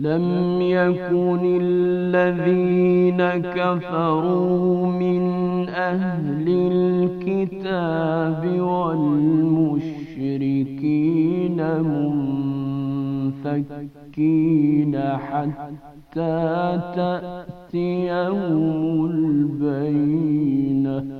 لم يكن الذين كفروا من أهل الكتاب والمشركين منفكين حتى تأتيهم البينه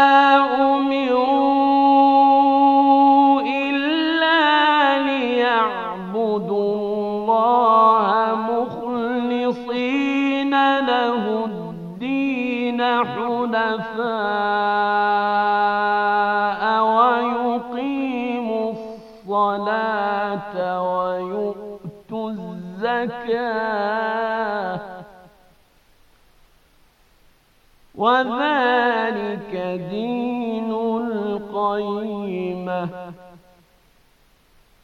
ويقيم الصلاة ويؤت الزكاة وذلك دين القيمة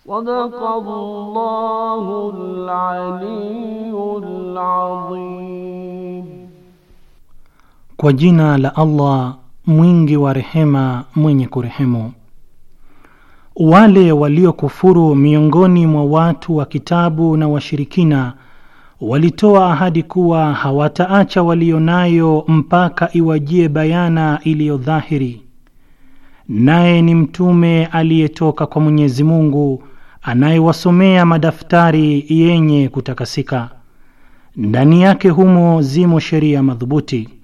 صدق الله العلي العظيم Kwa jina la Allah mwingi wa rehema mwenye kurehemu. Wale waliokufuru miongoni mwa watu wa kitabu na washirikina walitoa ahadi kuwa hawataacha walionayo mpaka iwajie bayana iliyo dhahiri, naye ni mtume aliyetoka kwa Mwenyezi Mungu anayewasomea madaftari yenye kutakasika, ndani yake humo zimo sheria madhubuti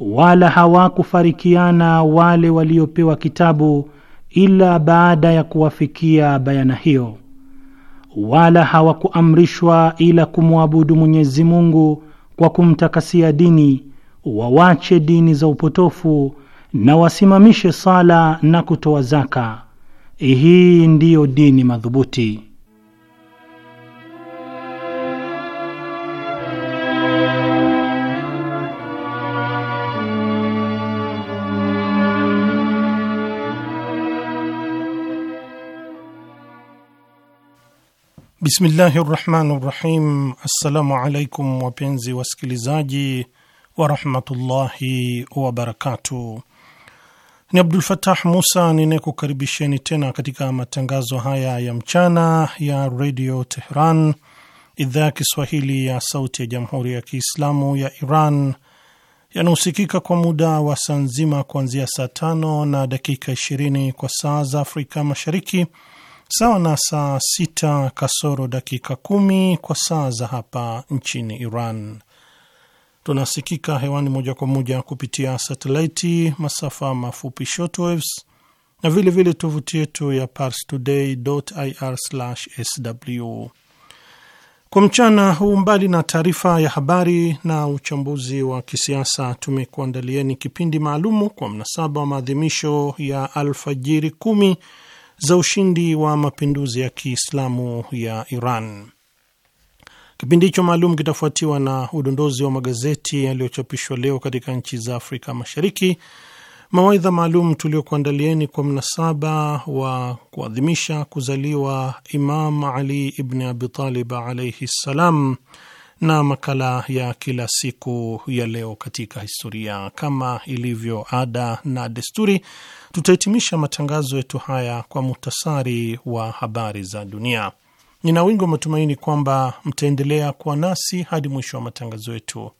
wala hawakufarikiana wale waliopewa kitabu ila baada ya kuwafikia bayana hiyo, wala hawakuamrishwa ila kumwabudu Mwenyezi Mungu kwa kumtakasia dini, wawache dini za upotofu na wasimamishe sala na kutoa zaka. Hii ndiyo dini madhubuti. Bismillahi rahmani rahim. Assalamu alaikum wapenzi wasikilizaji warahmatullahi wabarakatuh. Ni Abdul Fatah Musa ninayekukaribisheni tena katika matangazo haya ya mchana ya redio Tehran, idhaa ya Kiswahili ya sauti ya jamhuri ya Kiislamu ya Iran yanahusikika kwa muda wa saa nzima kuanzia saa tano na dakika 20 kwa saa za Afrika Mashariki, sawa na saa sita kasoro dakika kumi kwa saa za hapa nchini Iran. Tunasikika hewani moja kwa moja kupitia satelaiti, masafa mafupi shortwaves na vilevile tovuti yetu ya ir sw Kwa mchana huu, mbali na taarifa ya habari na uchambuzi wa kisiasa, tumekuandalieni kipindi maalumu kwa mnasaba wa maadhimisho ya alfajiri kumi za ushindi wa mapinduzi ya Kiislamu ya Iran. Kipindi hicho maalum kitafuatiwa na udondozi wa magazeti yaliyochapishwa leo katika nchi za Afrika Mashariki, mawaidha maalum tuliokuandalieni kwa mnasaba wa kuadhimisha kuzaliwa Imam Ali ibn Abi Talib alaihi ssalam na makala ya kila siku ya leo katika historia. Kama ilivyo ada na desturi, tutahitimisha matangazo yetu haya kwa muhtasari wa habari za dunia. Nina wingi wa matumaini kwamba mtaendelea kuwa nasi hadi mwisho wa matangazo yetu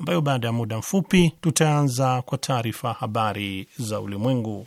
ambayo baada ya muda mfupi tutaanza kwa taarifa habari za ulimwengu.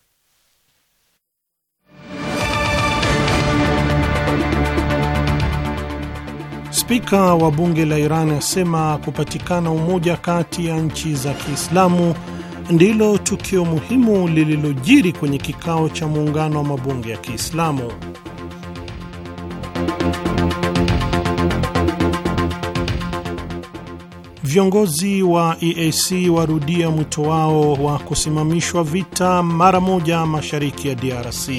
Spika wa bunge la Iran asema kupatikana umoja kati ya nchi za Kiislamu ndilo tukio muhimu lililojiri kwenye kikao cha muungano wa mabunge ya Kiislamu. Viongozi wa EAC warudia mwito wao wa kusimamishwa vita mara moja mashariki ya DRC.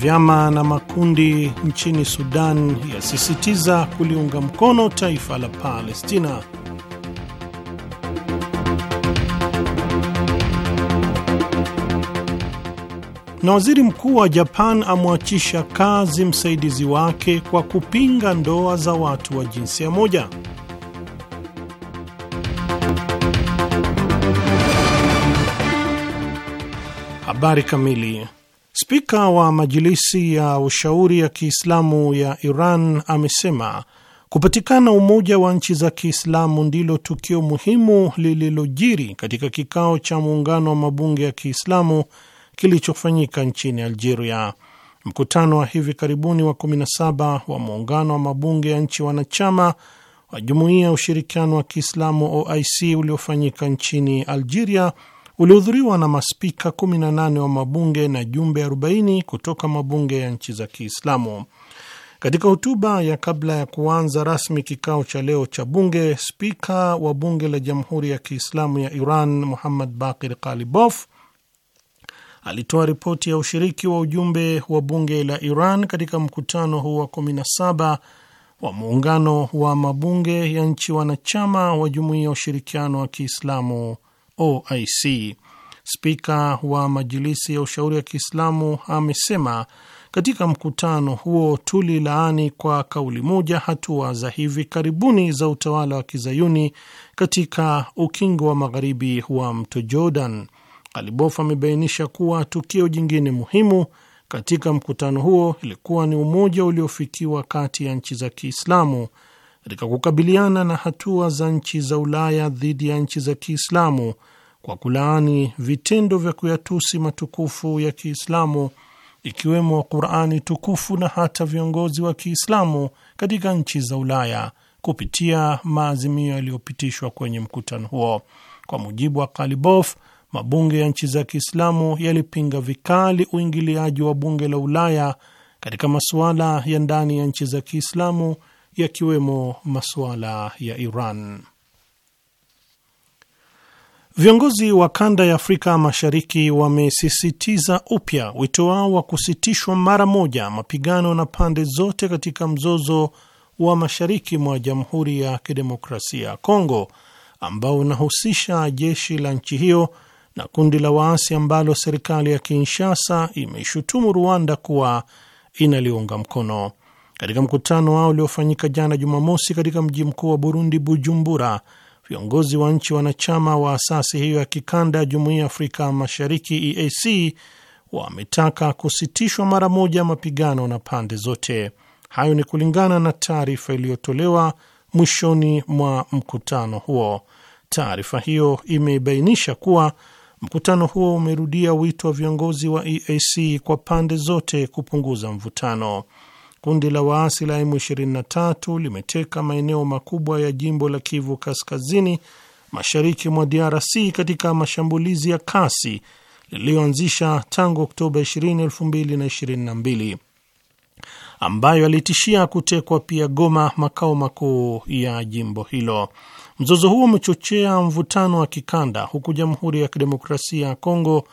vyama na makundi nchini Sudan yasisitiza kuliunga mkono taifa la Palestina. Na waziri mkuu wa Japan amwachisha kazi msaidizi wake kwa kupinga ndoa za watu wa jinsia moja. Habari kamili. Spika wa Majilisi ya Ushauri ya Kiislamu ya Iran amesema kupatikana umoja wa nchi za Kiislamu ndilo tukio muhimu lililojiri katika kikao cha muungano wa mabunge ya Kiislamu kilichofanyika nchini Algeria. Mkutano wa hivi karibuni wa 17 wa muungano wa mabunge ya nchi wanachama wa Jumuiya ya Ushirikiano wa Kiislamu OIC uliofanyika nchini Algeria ulihudhuriwa na maspika 18 wa mabunge na jumbe 40 kutoka mabunge ya nchi za Kiislamu. Katika hotuba ya kabla ya kuanza rasmi kikao cha leo cha bunge, spika wa bunge la Jamhuri ya Kiislamu ya Iran Muhammad Bakir Kalibof alitoa ripoti ya ushiriki wa ujumbe wa bunge la Iran katika mkutano huu wa 17 wa muungano wa mabunge ya nchi wanachama wa Jumuiya ya Ushirikiano wa Kiislamu OIC. Spika wa Majilisi ya Ushauri ya Kiislamu amesema katika mkutano huo, tulilaani kwa kauli moja hatua za hivi karibuni za utawala wa kizayuni katika ukingo wa magharibi wa mto Jordan. ghalibof amebainisha kuwa tukio jingine muhimu katika mkutano huo ilikuwa ni umoja uliofikiwa kati ya nchi za Kiislamu katika kukabiliana na hatua za nchi za Ulaya dhidi ya nchi za Kiislamu kwa kulaani vitendo vya kuyatusi matukufu ya Kiislamu ikiwemo Qur'ani tukufu na hata viongozi wa Kiislamu katika nchi za Ulaya kupitia maazimio yaliyopitishwa kwenye mkutano huo. Kwa mujibu wa Kalibof, mabunge ya nchi za Kiislamu yalipinga vikali uingiliaji wa bunge la Ulaya katika masuala ya ndani ya nchi za Kiislamu yakiwemo masuala ya Iran. Viongozi wa kanda ya Afrika Mashariki wamesisitiza upya wito wao wa kusitishwa mara moja mapigano na pande zote katika mzozo wa mashariki mwa Jamhuri ya Kidemokrasia ya Kongo ambao unahusisha jeshi la nchi hiyo na kundi la waasi ambalo serikali ya Kinshasa imeishutumu Rwanda kuwa inaliunga mkono. Katika mkutano wao uliofanyika jana Jumamosi katika mji mkuu wa Burundi, Bujumbura, viongozi wa nchi wanachama wa asasi hiyo ya kikanda ya Jumuiya ya Afrika Mashariki, EAC, wametaka kusitishwa mara moja mapigano na pande zote. Hayo ni kulingana na taarifa iliyotolewa mwishoni mwa mkutano huo. Taarifa hiyo imebainisha kuwa mkutano huo umerudia wito wa viongozi wa EAC kwa pande zote kupunguza mvutano. Kundi la waasi la M23 limeteka maeneo makubwa ya jimbo la Kivu Kaskazini, mashariki mwa DRC katika mashambulizi ya kasi liliyoanzisha tangu Oktoba 20, 2022 ambayo alitishia kutekwa pia Goma, makao makuu ya jimbo hilo. Mzozo huo umechochea mvutano wa kikanda, huku Jamhuri ya Kidemokrasia ya Kongo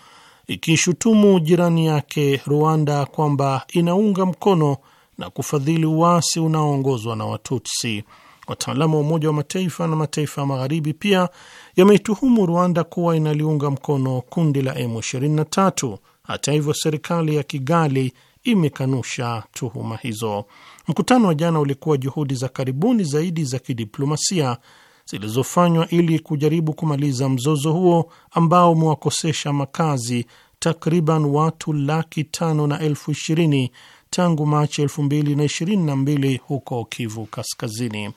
ikishutumu jirani yake Rwanda kwamba inaunga mkono na kufadhili uasi unaoongozwa na Watutsi. Wataalamu wa Umoja wa Mataifa na mataifa ya Magharibi pia yameituhumu Rwanda kuwa inaliunga mkono kundi la M23. Hata hivyo, serikali ya Kigali imekanusha tuhuma hizo. Mkutano wa jana ulikuwa juhudi za karibuni zaidi za kidiplomasia zilizofanywa ili kujaribu kumaliza mzozo huo ambao umewakosesha makazi takriban watu laki tano na elfu ishirini tangu Machi mbili huko Kivu Kaskazini.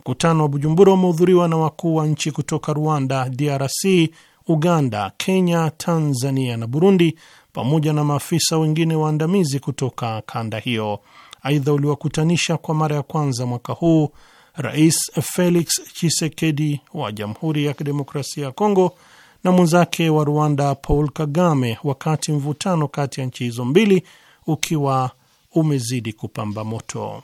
Mkutano wa Bujumbura umehudhuriwa na wakuu wa nchi kutoka Rwanda, DRC, Uganda, Kenya, Tanzania na Burundi, pamoja na maafisa wengine waandamizi kutoka kanda hiyo. Aidha, uliwakutanisha kwa mara ya kwanza mwaka huu Rais Felix Tshisekedi wa Jamhuri ya Kidemokrasia ya Kongo na mwenzake wa Rwanda Paul Kagame, wakati mvutano kati ya nchi hizo mbili ukiwa umezidi kupamba moto.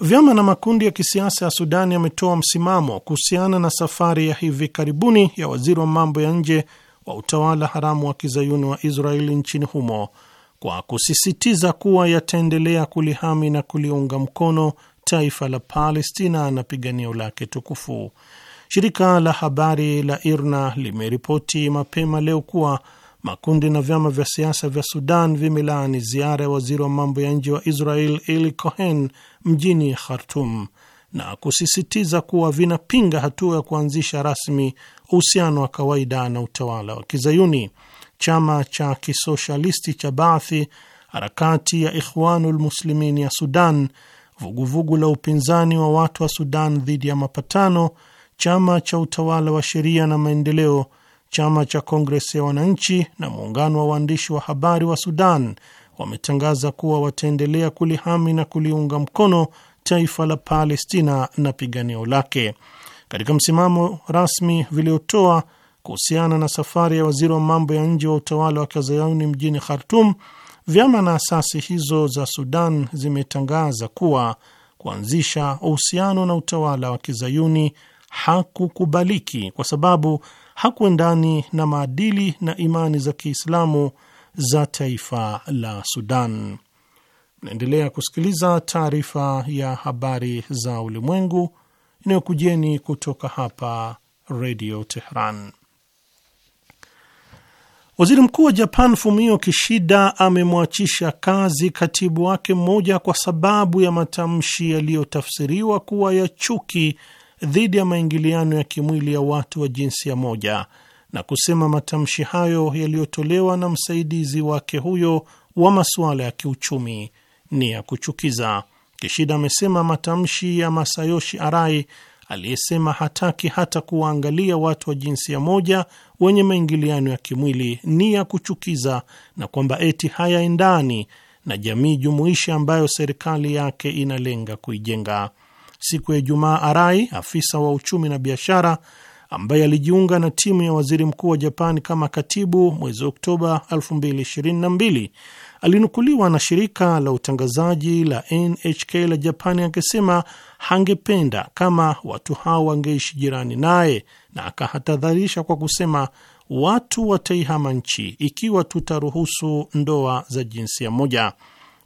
Vyama na makundi ya kisiasa ya Sudani yametoa msimamo kuhusiana na safari ya hivi karibuni ya waziri wa mambo ya nje wa utawala haramu wa kizayuni wa Israeli nchini humo kwa kusisitiza kuwa yataendelea kulihami na kuliunga mkono taifa la Palestina na piganio lake tukufu. Shirika la habari la IRNA limeripoti mapema leo kuwa Makundi na vyama vya siasa vya Sudan vimelaani ziara ya waziri wa mambo ya nje wa Israel Eli Cohen mjini Khartum na kusisitiza kuwa vinapinga hatua ya kuanzisha rasmi uhusiano wa kawaida na utawala wa Kizayuni. Chama cha kisoshalisti cha Baathi, harakati ya Ikhwanul Muslimin ya Sudan, vuguvugu vugu la upinzani wa watu wa Sudan dhidi ya mapatano, chama cha utawala wa sheria na maendeleo chama cha kongres ya Wananchi na muungano wa waandishi wa habari wa Sudan wametangaza kuwa wataendelea kulihami na kuliunga mkono taifa la Palestina na piganio lake. Katika msimamo rasmi viliotoa kuhusiana na safari ya waziri wa mambo ya nje wa utawala wa kizayuni mjini Khartum, vyama na asasi hizo za Sudan zimetangaza kuwa kuanzisha uhusiano na utawala wa kizayuni hakukubaliki kwa sababu hakuendani na maadili na imani za Kiislamu za taifa la Sudan. naendelea kusikiliza taarifa ya habari za ulimwengu inayokujeni kutoka hapa Redio Tehran. Waziri Mkuu wa Japan Fumio Kishida amemwachisha kazi katibu wake mmoja kwa sababu ya matamshi yaliyotafsiriwa kuwa ya chuki dhidi ya maingiliano ya kimwili ya watu wa jinsia moja na kusema matamshi hayo yaliyotolewa na msaidizi wake huyo wa masuala ya kiuchumi ni ya kuchukiza. Kishida amesema matamshi ya Masayoshi Arai aliyesema hataki hata kuwaangalia watu wa jinsia moja wenye maingiliano ya kimwili ni ya kuchukiza na kwamba eti hayaendani na jamii jumuishi ambayo serikali yake inalenga kuijenga siku ya Ijumaa, Arai, afisa wa uchumi na biashara ambaye alijiunga na timu ya waziri mkuu wa Japan kama katibu mwezi Oktoba 2022 alinukuliwa na shirika la utangazaji la NHK la Japani akisema hangependa kama watu hao wangeishi jirani naye, na akahatadharisha kwa kusema watu wataihama nchi ikiwa tutaruhusu ndoa za jinsia moja.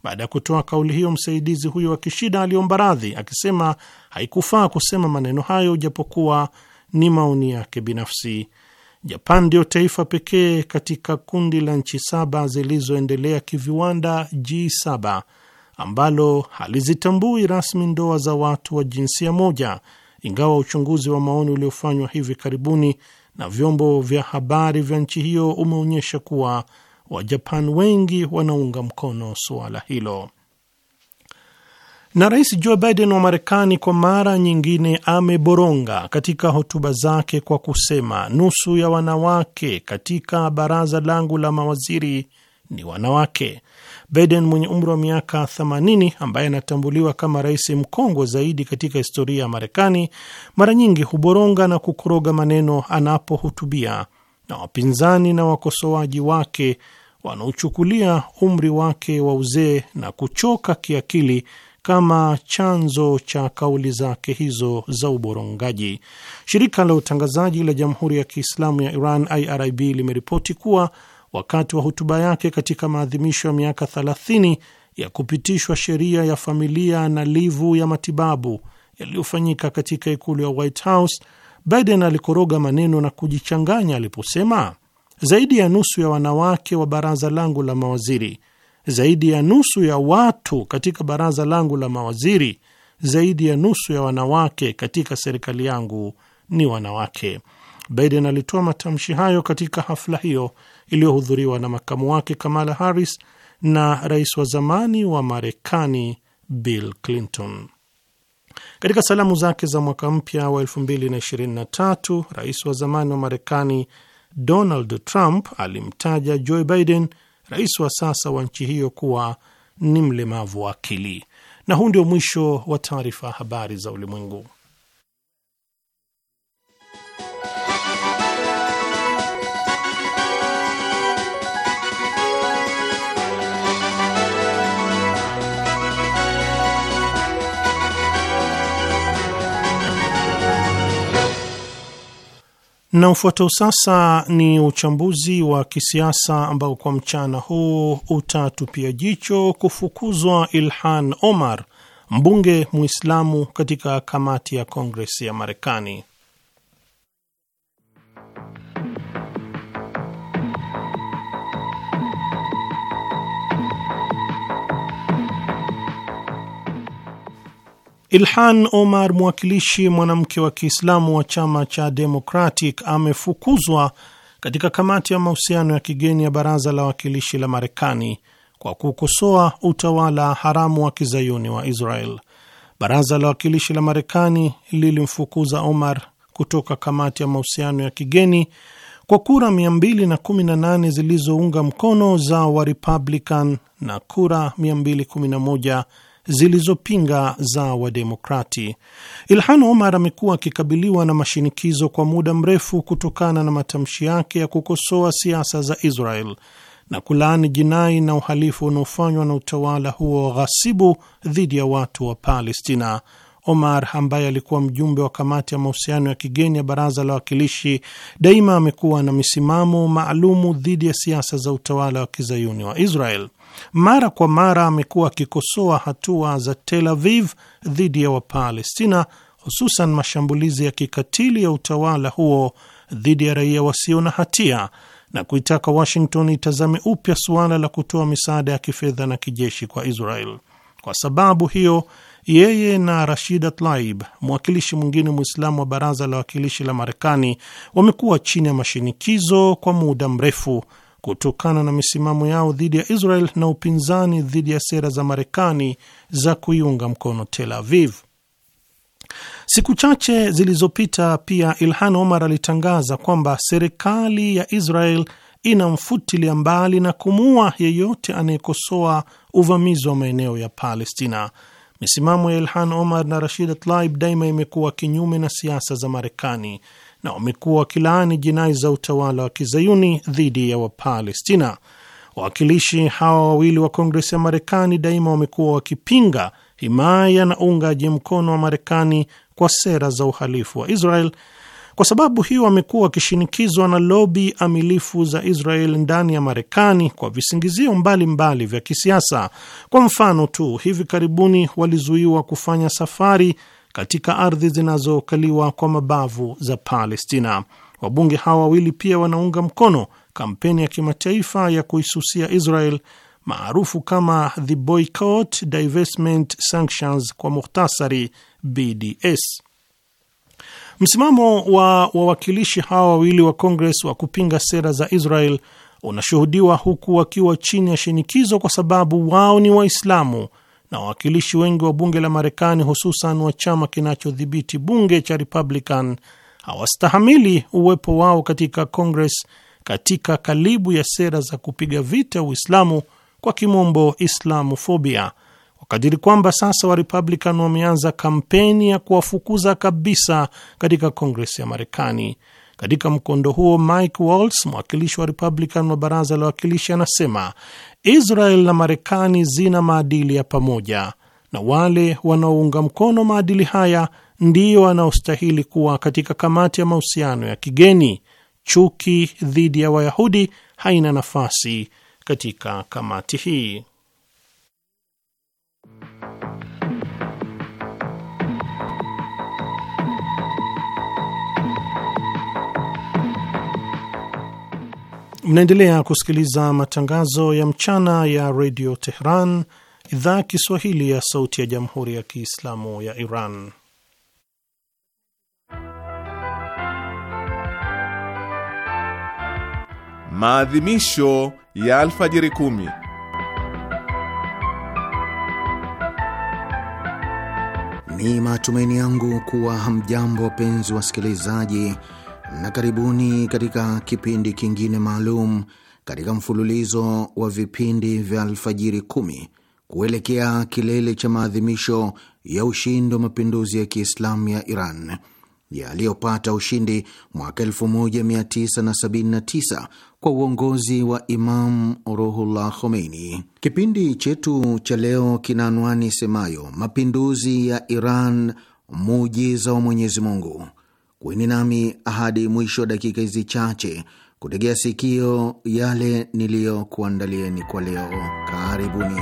Baada ya kutoa kauli hiyo, msaidizi huyo wa Kishida aliomba radhi akisema haikufaa kusema maneno hayo, japokuwa ni maoni yake binafsi. Japan ndiyo taifa pekee katika kundi la nchi saba zilizoendelea kiviwanda G7 ambalo halizitambui rasmi ndoa za watu wa jinsia moja, ingawa uchunguzi wa maoni uliofanywa hivi karibuni na vyombo vya habari vya nchi hiyo umeonyesha kuwa wa Japan wengi wanaunga mkono suala hilo. Na Rais Joe Biden wa Marekani kwa mara nyingine ameboronga katika hotuba zake kwa kusema nusu ya wanawake katika baraza langu la mawaziri ni wanawake. Biden mwenye umri wa miaka 80 ambaye anatambuliwa kama rais mkongwe zaidi katika historia ya Marekani mara nyingi huboronga na kukoroga maneno anapohutubia, na wapinzani na wakosoaji wake wanaochukulia umri wake wa uzee na kuchoka kiakili kama chanzo cha kauli zake hizo za uborongaji. Shirika la utangazaji la Jamhuri ya Kiislamu ya Iran, IRIB, limeripoti kuwa wakati wa hotuba yake katika maadhimisho ya miaka 30 ya kupitishwa sheria ya familia na livu ya matibabu yaliyofanyika katika ikulu ya White House, Biden alikoroga maneno na kujichanganya aliposema zaidi ya nusu ya wanawake wa baraza langu la mawaziri, zaidi ya nusu ya watu katika baraza langu la mawaziri, zaidi ya nusu ya wanawake katika serikali yangu ni wanawake. Biden alitoa matamshi hayo katika hafla hiyo iliyohudhuriwa na makamu wake Kamala Harris na rais wa zamani wa Marekani Bill Clinton. Katika salamu zake za mwaka mpya wa 2023, rais wa zamani wa Marekani Donald Trump alimtaja Joe Biden, rais wa sasa wa nchi hiyo, kuwa ni mlemavu wa akili. Na huu ndio mwisho wa taarifa habari za ulimwengu. Na ufuatao sasa ni uchambuzi wa kisiasa ambao kwa mchana huu utatupia jicho kufukuzwa Ilhan Omar, mbunge Muislamu katika kamati ya Kongres ya Marekani. Ilhan Omar, mwakilishi mwanamke wa Kiislamu wa chama cha Democratic, amefukuzwa katika kamati ya mahusiano ya kigeni ya baraza la wawakilishi la Marekani kwa kukosoa utawala haramu wa kizayuni wa Israel. Baraza la wawakilishi la Marekani lilimfukuza Omar kutoka kamati ya mahusiano ya kigeni kwa kura 218 zilizounga mkono za wa Republican na kura 211 zilizopinga za Wademokrati. Ilhan Omar amekuwa akikabiliwa na mashinikizo kwa muda mrefu kutokana na matamshi yake ya kukosoa siasa za Israel na kulaani jinai na uhalifu unaofanywa na utawala huo ghasibu dhidi ya watu wa Palestina. Omar ambaye alikuwa mjumbe wa kamati ya mahusiano ya kigeni ya baraza la wawakilishi, daima amekuwa na misimamo maalumu dhidi ya siasa za utawala wa kizayuni wa Israel mara kwa mara amekuwa akikosoa hatua za Tel Aviv dhidi ya Wapalestina, hususan mashambulizi ya kikatili ya utawala huo dhidi ya raia wasio na hatia na kuitaka Washington itazame upya suala la kutoa misaada ya kifedha na kijeshi kwa Israel. Kwa sababu hiyo, yeye na Rashida Tlaib, mwakilishi mwingine Mwislamu wa baraza la wawakilishi la Marekani, wamekuwa chini ya mashinikizo kwa muda mrefu kutokana na misimamo yao dhidi ya Israel na upinzani dhidi ya sera za Marekani za kuiunga mkono Tel Aviv. Siku chache zilizopita pia Ilhan Omar alitangaza kwamba serikali ya Israel inamfutilia mbali na kumuua yeyote anayekosoa uvamizi wa maeneo ya Palestina. Misimamo ya Ilhan Omar na Rashid Tlaib daima imekuwa kinyume na siasa za Marekani na wamekuwa wakilaani jinai za utawala wa kizayuni dhidi ya Wapalestina. Wawakilishi hawa wawili wa Kongresi ya Marekani daima wamekuwa wakipinga himaya na uungaji mkono wa Marekani kwa sera za uhalifu wa Israel. Kwa sababu hiyo, wamekuwa wakishinikizwa na lobi amilifu za Israel ndani ya Marekani kwa visingizio mbalimbali vya kisiasa. Kwa mfano tu, hivi karibuni walizuiwa kufanya safari katika ardhi zinazokaliwa kwa mabavu za Palestina. Wabunge hawa wawili pia wanaunga mkono kampeni ya kimataifa ya kuisusia Israel maarufu kama the Boycott, Divestment, Sanctions, kwa mukhtasari BDS. Msimamo wa wawakilishi hawa wawili wa Kongres wa kupinga sera za Israel unashuhudiwa huku wakiwa chini ya shinikizo, kwa sababu wao ni Waislamu na wawakilishi wengi wa bunge la Marekani, hususan wa chama kinachodhibiti bunge cha Republican, hawastahamili uwepo wao katika Congress katika kalibu ya sera za kupiga vita Uislamu, kwa kimombo islamofobia, wakadiri kwamba sasa wa Republican wameanza kampeni ya kuwafukuza kabisa katika Kongres ya Marekani. Katika mkondo huo, Mike Waltz, mwakilishi wa Republican wa baraza la wawakilishi, anasema Israel na Marekani zina maadili ya pamoja, na wale wanaounga mkono maadili haya ndio wanaostahili kuwa katika kamati ya mahusiano ya kigeni. Chuki dhidi ya Wayahudi haina nafasi katika kamati hii. Mnaendelea kusikiliza matangazo ya mchana ya redio Tehran, idhaa ya Kiswahili ya sauti ya jamhuri ya Kiislamu ya Iran. Maadhimisho ya alfajiri kumi. Ni matumaini yangu kuwa hamjambo, wapenzi wasikilizaji na karibuni katika kipindi kingine maalum katika mfululizo wa vipindi vya Alfajiri kumi kuelekea kilele cha maadhimisho ya ushindi wa mapinduzi ya Kiislamu ya Iran yaliyopata ushindi mwaka 1979 kwa uongozi wa Imam Ruhullah Khomeini. Kipindi chetu cha leo kina anwani semayo mapinduzi ya Iran, muujiza wa Mwenyezi Mungu. Kweni nami hadi mwisho wa dakika hizi chache kutegea sikio yale niliyokuandalieni kwa leo. Karibuni.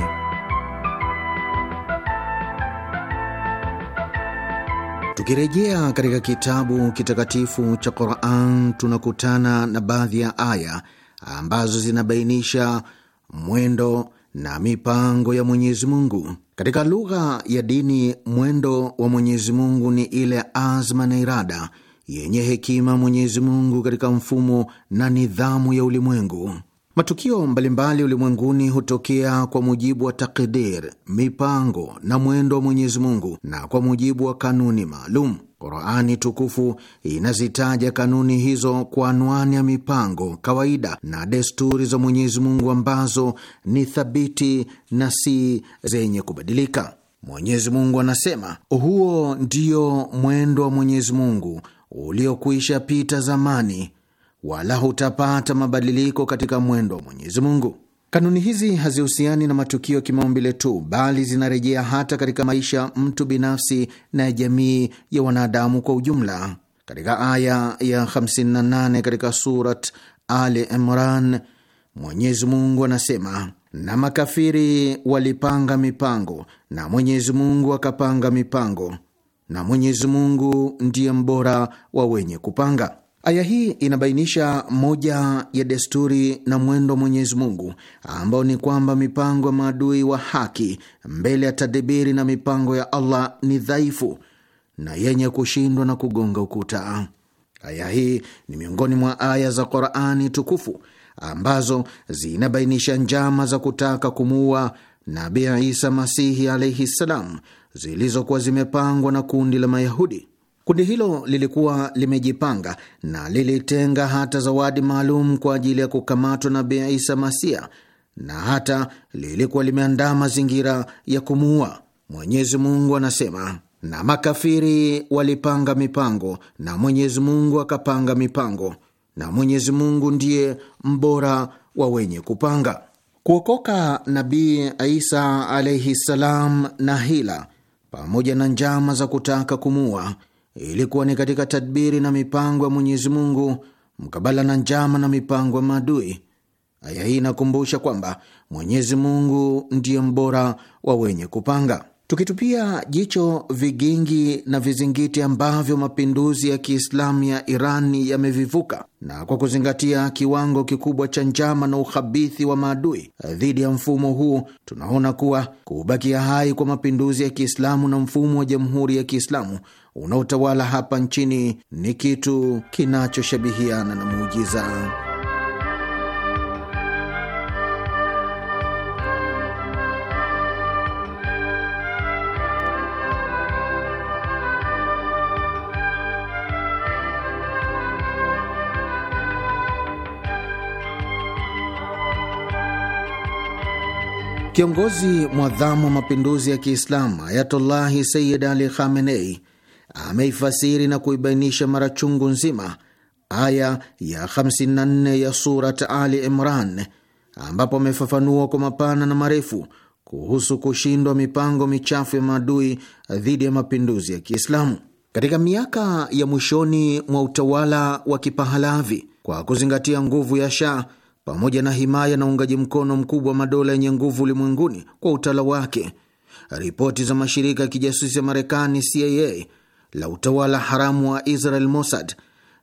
Tukirejea katika kitabu kitakatifu cha Quran, tunakutana na baadhi ya aya ambazo zinabainisha mwendo na mipango ya Mwenyezi Mungu. Katika lugha ya dini, mwendo wa Mwenyezi Mungu ni ile azma na irada yenye hekima Mwenyezi Mungu katika mfumo na nidhamu ya ulimwengu. Matukio mbalimbali ulimwenguni hutokea kwa mujibu wa takdir, mipango na mwendo wa Mwenyezi Mungu na kwa mujibu wa kanuni maalum. Qurani tukufu inazitaja kanuni hizo kwa anwani ya mipango, kawaida na desturi za Mwenyezi Mungu ambazo ni thabiti na si zenye kubadilika. Mwenyezi Mungu anasema, huo ndio mwendo wa Mwenyezi Mungu uliokwisha pita zamani, wala hutapata mabadiliko katika mwendo wa Mwenyezi Mungu. Kanuni hizi hazihusiani na matukio kimaumbile tu, bali zinarejea hata katika maisha ya mtu binafsi na ya jamii ya wanadamu kwa ujumla. Katika aya ya 58 katika Surat Ali Imran, Mwenyezi Mungu anasema na makafiri walipanga mipango na Mwenyezi Mungu akapanga mipango na Mwenyezi Mungu ndiye mbora wa wenye kupanga. Aya hii inabainisha moja ya desturi na mwendo wa Mwenyezi Mungu ambao ni kwamba mipango ya maadui wa haki mbele ya tadibiri na mipango ya Allah ni dhaifu na yenye kushindwa na kugonga ukuta. Aya hii ni miongoni mwa aya za Qurani tukufu ambazo zinabainisha njama za kutaka kumuua Nabii Isa Masihi alaihi ssalam zilizokuwa zimepangwa na kundi la Mayahudi. Kundi hilo lilikuwa limejipanga na lilitenga hata zawadi maalum kwa ajili ya kukamatwa Nabii Isa Masia, na hata lilikuwa limeandaa mazingira ya kumuua. Mwenyezi Mungu anasema na makafiri walipanga mipango na Mwenyezi Mungu akapanga mipango, na Mwenyezi Mungu ndiye mbora wa wenye kupanga. Kuokoka Nabii Isa alaihi salam na hila pamoja na njama za kutaka kumua ilikuwa ni katika tadbiri na mipango ya Mwenyezi Mungu mkabala na njama na mipango ya maadui. Aya hii inakumbusha kwamba Mwenyezi Mungu ndiye mbora wa wenye kupanga. Tukitupia jicho vigingi na vizingiti ambavyo mapinduzi ya Kiislamu ya Iran yamevivuka na kwa kuzingatia kiwango kikubwa cha njama na ukhabithi wa maadui dhidi ya mfumo huu, tunaona kuwa kubakia hai kwa mapinduzi ya Kiislamu na mfumo wa Jamhuri ya Kiislamu unaotawala hapa nchini ni kitu kinachoshabihiana na muujiza. Kiongozi mwadhamu wa mapinduzi ya Kiislamu Ayatullahi Sayyid Ali Khamenei ameifasiri na kuibainisha mara chungu nzima aya ya 54 ya Surat Ali Imran, ambapo amefafanua kwa mapana na marefu kuhusu kushindwa mipango michafu ya maadui dhidi ya mapinduzi ya Kiislamu katika miaka ya mwishoni mwa utawala wa Kipahalavi. Kwa kuzingatia nguvu ya Shah, pamoja na himaya na uungaji mkono mkubwa wa madola yenye nguvu ulimwenguni kwa utawala wake. Ripoti za mashirika ya kijasusi ya Marekani CIA, la utawala haramu wa Israel Mossad,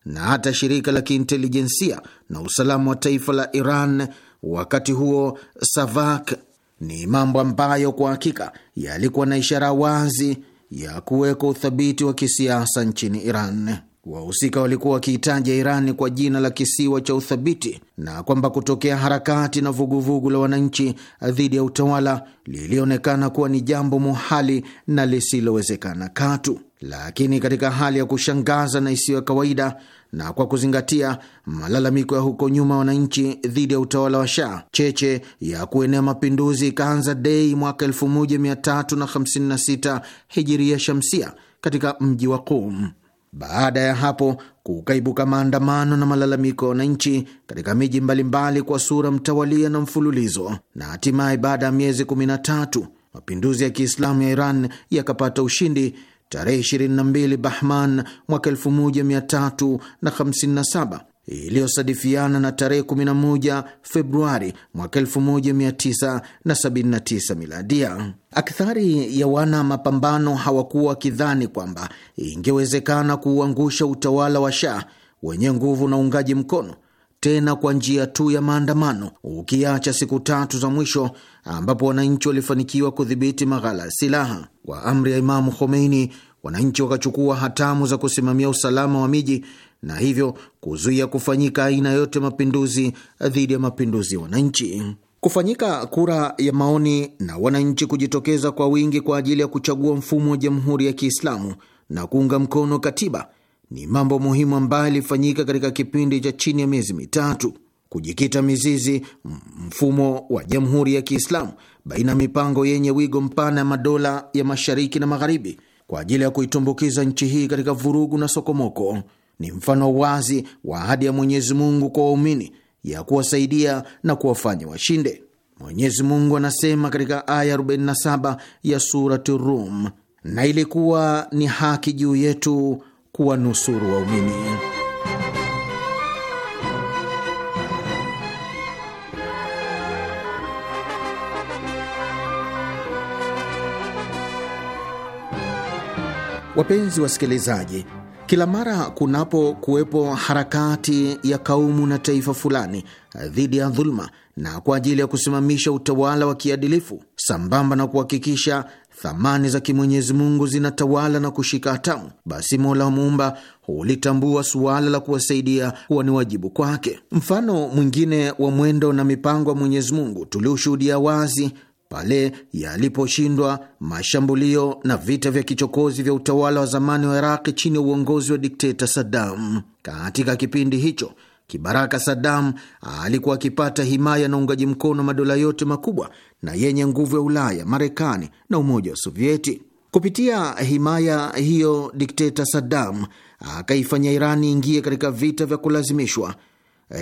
na hata shirika la kiintelijensia na usalama wa taifa la Iran wakati huo SAVAK ni mambo ambayo kwa hakika yalikuwa na ishara wazi ya kuwekwa uthabiti wa kisiasa nchini Iran. Wahusika walikuwa wakiitaja Irani kwa jina la kisiwa cha uthabiti na kwamba kutokea harakati na vuguvugu la wananchi dhidi ya utawala lilionekana kuwa ni jambo muhali na lisilowezekana katu, lakini katika hali ya kushangaza na isiyo ya kawaida na kwa kuzingatia malalamiko ya huko nyuma wananchi dhidi ya utawala wa Shah, cheche ya kuenea mapinduzi ikaanza Dei mwaka 1356 hijiria shamsia katika mji wa Qum. Baada ya hapo kukaibuka maandamano na malalamiko ya wananchi katika miji mbalimbali kwa sura mtawalia na mfululizo, na hatimaye baada ya miezi 13 mapinduzi ya Kiislamu ya Iran yakapata ushindi tarehe 22 Bahman mwaka 1357 iliyosadifiana na tarehe 11 Februari mwaka 1979 miladia. Akthari ya wana mapambano hawakuwa wakidhani kwamba ingewezekana kuuangusha utawala wa Shah wenye nguvu na uungaji mkono tena kwa njia tu ya maandamano, ukiacha siku tatu za mwisho ambapo wananchi walifanikiwa kudhibiti maghala ya silaha. Kwa amri ya Imamu Khomeini, wananchi wakachukua hatamu za kusimamia usalama wa miji na hivyo kuzuia kufanyika aina yote mapinduzi dhidi ya mapinduzi ya wananchi. Kufanyika kura ya maoni na wananchi kujitokeza kwa wingi kwa ajili ya kuchagua mfumo wa Jamhuri ya Kiislamu na kuunga mkono katiba ni mambo muhimu ambayo yalifanyika katika kipindi cha chini ya miezi mitatu kujikita mizizi mfumo wa Jamhuri ya Kiislamu baina ya mipango yenye wigo mpana ya madola ya mashariki na magharibi kwa ajili ya kuitumbukiza nchi hii katika vurugu na sokomoko ni mfano wazi wa ahadi ya Mwenyezi Mungu kwa waumini ya kuwasaidia na kuwafanya washinde. Mwenyezi Mungu anasema katika aya 47 ya surati Rum, na ilikuwa ni haki juu yetu kuwanusuru waumini. Wapenzi wasikilizaji, kila mara kunapokuwepo harakati ya kaumu na taifa fulani dhidi ya dhuluma na kwa ajili ya kusimamisha utawala wa kiadilifu sambamba na kuhakikisha thamani za kimwenyezi Mungu zinatawala na kushika hatamu, basi Mola muumba hulitambua suala la kuwasaidia kuwa ni wajibu kwake. Mfano mwingine wa mwendo na mipango ya Mwenyezi Mungu tulioshuhudia wazi pale yaliposhindwa mashambulio na vita vya kichokozi vya utawala wa zamani wa Iraqi chini ya uongozi wa dikteta Saddam. Katika kipindi hicho kibaraka Saddam alikuwa akipata himaya na uungaji mkono madola yote makubwa na yenye nguvu ya Ulaya, Marekani na Umoja wa Sovieti. Kupitia himaya hiyo, dikteta Saddam akaifanya Irani ingie katika vita vya kulazimishwa,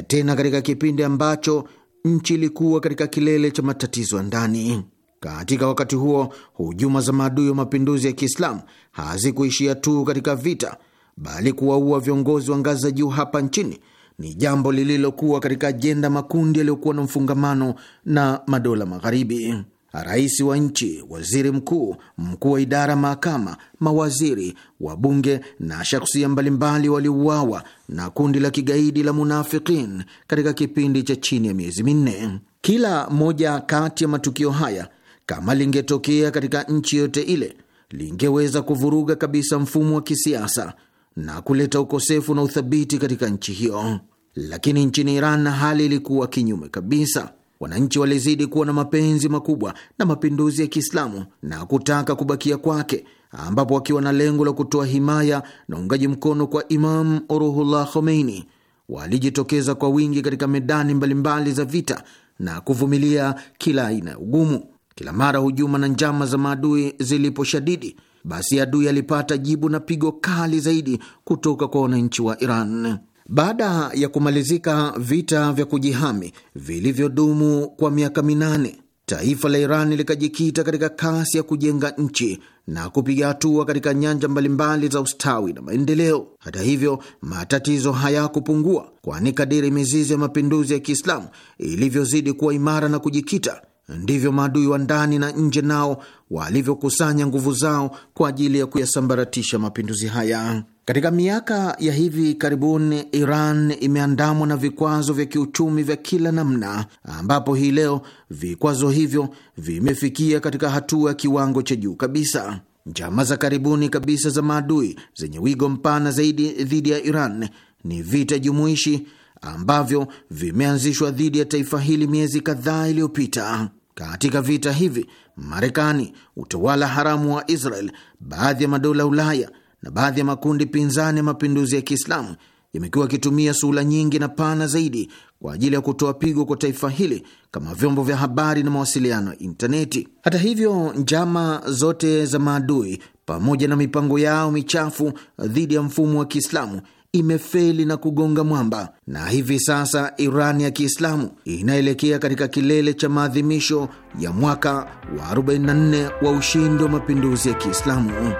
tena katika kipindi ambacho nchi ilikuwa katika kilele cha matatizo ya ndani. Katika wakati huo, hujuma za maadui wa mapinduzi ya Kiislamu hazikuishia tu katika vita, bali kuwaua viongozi wa ngazi za juu hapa nchini ni jambo lililokuwa katika ajenda makundi yaliyokuwa na mfungamano na madola magharibi rais wa nchi, waziri mkuu, mkuu wa idara mahakama, mawaziri, wabunge na shakhsia mbalimbali waliuawa na kundi la kigaidi la Munafikin katika kipindi cha chini ya miezi minne. Kila moja kati ya matukio haya, kama lingetokea katika nchi yote ile, lingeweza kuvuruga kabisa mfumo wa kisiasa na kuleta ukosefu na uthabiti katika nchi hiyo, lakini nchini Iran hali ilikuwa kinyume kabisa wananchi walizidi kuwa na mapenzi makubwa na mapinduzi ya Kiislamu na kutaka kubakia kwake, ambapo wakiwa na lengo la kutoa himaya na uungaji mkono kwa Imam Ruhullah Khomeini walijitokeza kwa wingi katika medani mbalimbali za vita na kuvumilia kila aina ya ugumu. Kila mara hujuma na njama za maadui ziliposhadidi, basi adui alipata jibu na pigo kali zaidi kutoka kwa wananchi wa Iran. Baada ya kumalizika vita vya kujihami vilivyodumu kwa miaka minane, taifa la Iran likajikita katika kasi ya kujenga nchi na kupiga hatua katika nyanja mbalimbali za ustawi na maendeleo. Hata hivyo, matatizo hayakupungua, kwani kadiri mizizi ya mapinduzi ya Kiislamu ilivyozidi kuwa imara na kujikita ndivyo maadui wa ndani na nje nao walivyokusanya nguvu zao kwa ajili ya kuyasambaratisha mapinduzi haya. Katika miaka ya hivi karibuni Iran imeandamwa na vikwazo vya kiuchumi vya kila namna, ambapo hii leo vikwazo hivyo vimefikia katika hatua ya kiwango cha juu kabisa. Njama za karibuni kabisa za maadui zenye wigo mpana zaidi dhidi ya Iran ni vita jumuishi ambavyo vimeanzishwa dhidi ya taifa hili miezi kadhaa iliyopita. Katika vita hivi, Marekani, utawala haramu wa Israel, baadhi ya madola Ulaya na baadhi ya makundi pinzani ya mapinduzi ya Kiislamu yamekuwa yakitumia suhula nyingi na pana zaidi kwa ajili ya kutoa pigo kwa taifa hili kama vyombo vya habari na mawasiliano ya intaneti. Hata hivyo, njama zote za maadui pamoja na mipango yao michafu dhidi ya mfumo wa Kiislamu imefeli na kugonga mwamba, na hivi sasa Iran ya Kiislamu inaelekea katika kilele cha maadhimisho ya mwaka wa 44 wa ushindi wa mapinduzi ya Kiislamu.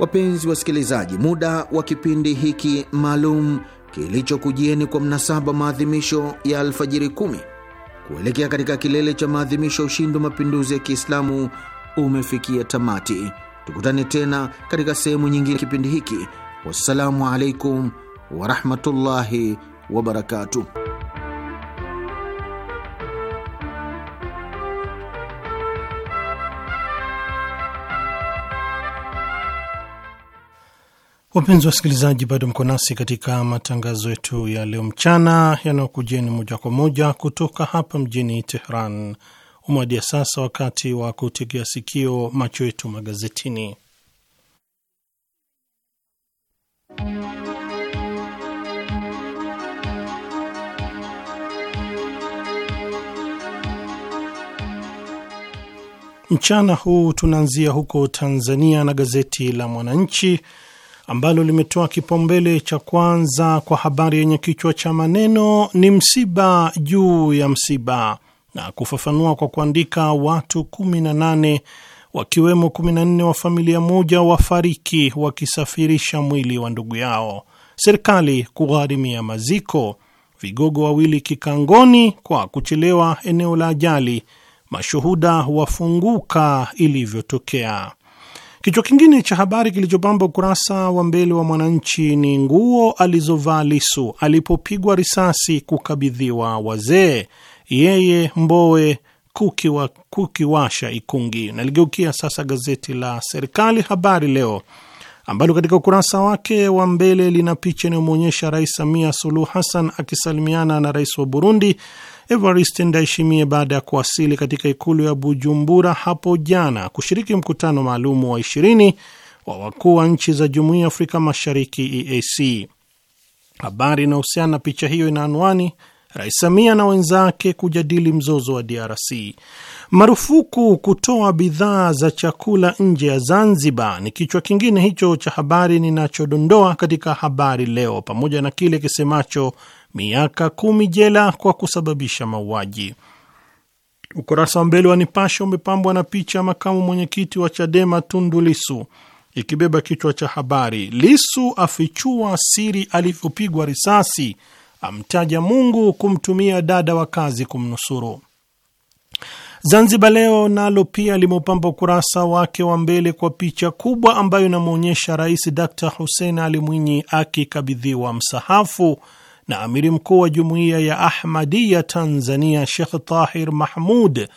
Wapenzi wasikilizaji, muda wa kipindi hiki maalum kilichokujieni kwa mnasaba maadhimisho ya alfajiri kumi kuelekea katika kilele cha maadhimisho ya ushindi wa mapinduzi ya Kiislamu umefikia tamati. Tukutane tena katika sehemu nyingine ya kipindi hiki. Wassalamu alaikum warahmatullahi wabarakatuh. Wapenzi wa wasikilizaji, bado mko nasi katika matangazo yetu ya leo mchana yanayokujeni moja kwa moja kutoka hapa mjini Tehran. Umewadia sasa wakati wa kutegea sikio, macho yetu magazetini. Mchana huu tunaanzia huko Tanzania na gazeti la Mwananchi ambalo limetoa kipaumbele cha kwanza kwa habari yenye kichwa cha maneno ni msiba juu ya msiba, na kufafanua kwa kuandika watu 18 wakiwemo 14 wa familia moja wafariki wakisafirisha mwili wa ndugu yao, serikali kugharimia maziko, vigogo wawili kikangoni kwa kuchelewa eneo la ajali, mashuhuda wafunguka ilivyotokea. Kichwa kingine cha habari kilichopamba ukurasa wa mbele wa Mwananchi ni nguo alizovaa Lisu alipopigwa risasi kukabidhiwa wazee, yeye Mbowe kukiwa, kukiwasha Ikungi. Naligeukia sasa gazeti la serikali Habari Leo ambalo katika ukurasa wake wa mbele lina picha inayomwonyesha Rais Samia Suluhu Hassan akisalimiana na rais wa Burundi Evariste Ndayishimiye baada ya kuwasili katika ikulu ya Bujumbura hapo jana kushiriki mkutano maalum wa ishirini wa wakuu wa nchi za Jumuiya ya Afrika Mashariki EAC. Habari inahusiana na picha hiyo ina anwani Rais Samia na wenzake kujadili mzozo wa DRC. Marufuku kutoa bidhaa za chakula nje ya Zanzibar ni kichwa kingine hicho cha habari ninachodondoa katika Habari Leo, pamoja na kile kisemacho miaka kumi jela kwa kusababisha mauaji. Ukurasa wa mbele wa Nipashe umepambwa na picha makamu mwenyekiti wa Chadema Tundu Lisu ikibeba kichwa cha habari, Lisu afichua siri alivyopigwa risasi, amtaja Mungu kumtumia dada wa kazi kumnusuru. Zanzibar Leo nalo pia limeupamba ukurasa wake wa mbele kwa picha kubwa ambayo inamwonyesha Rais Dr Hussein Ali Mwinyi akikabidhiwa msahafu na amiri mkuu wa jumuiya ya ahmadiya Tanzania Shekh Tahir Mahmud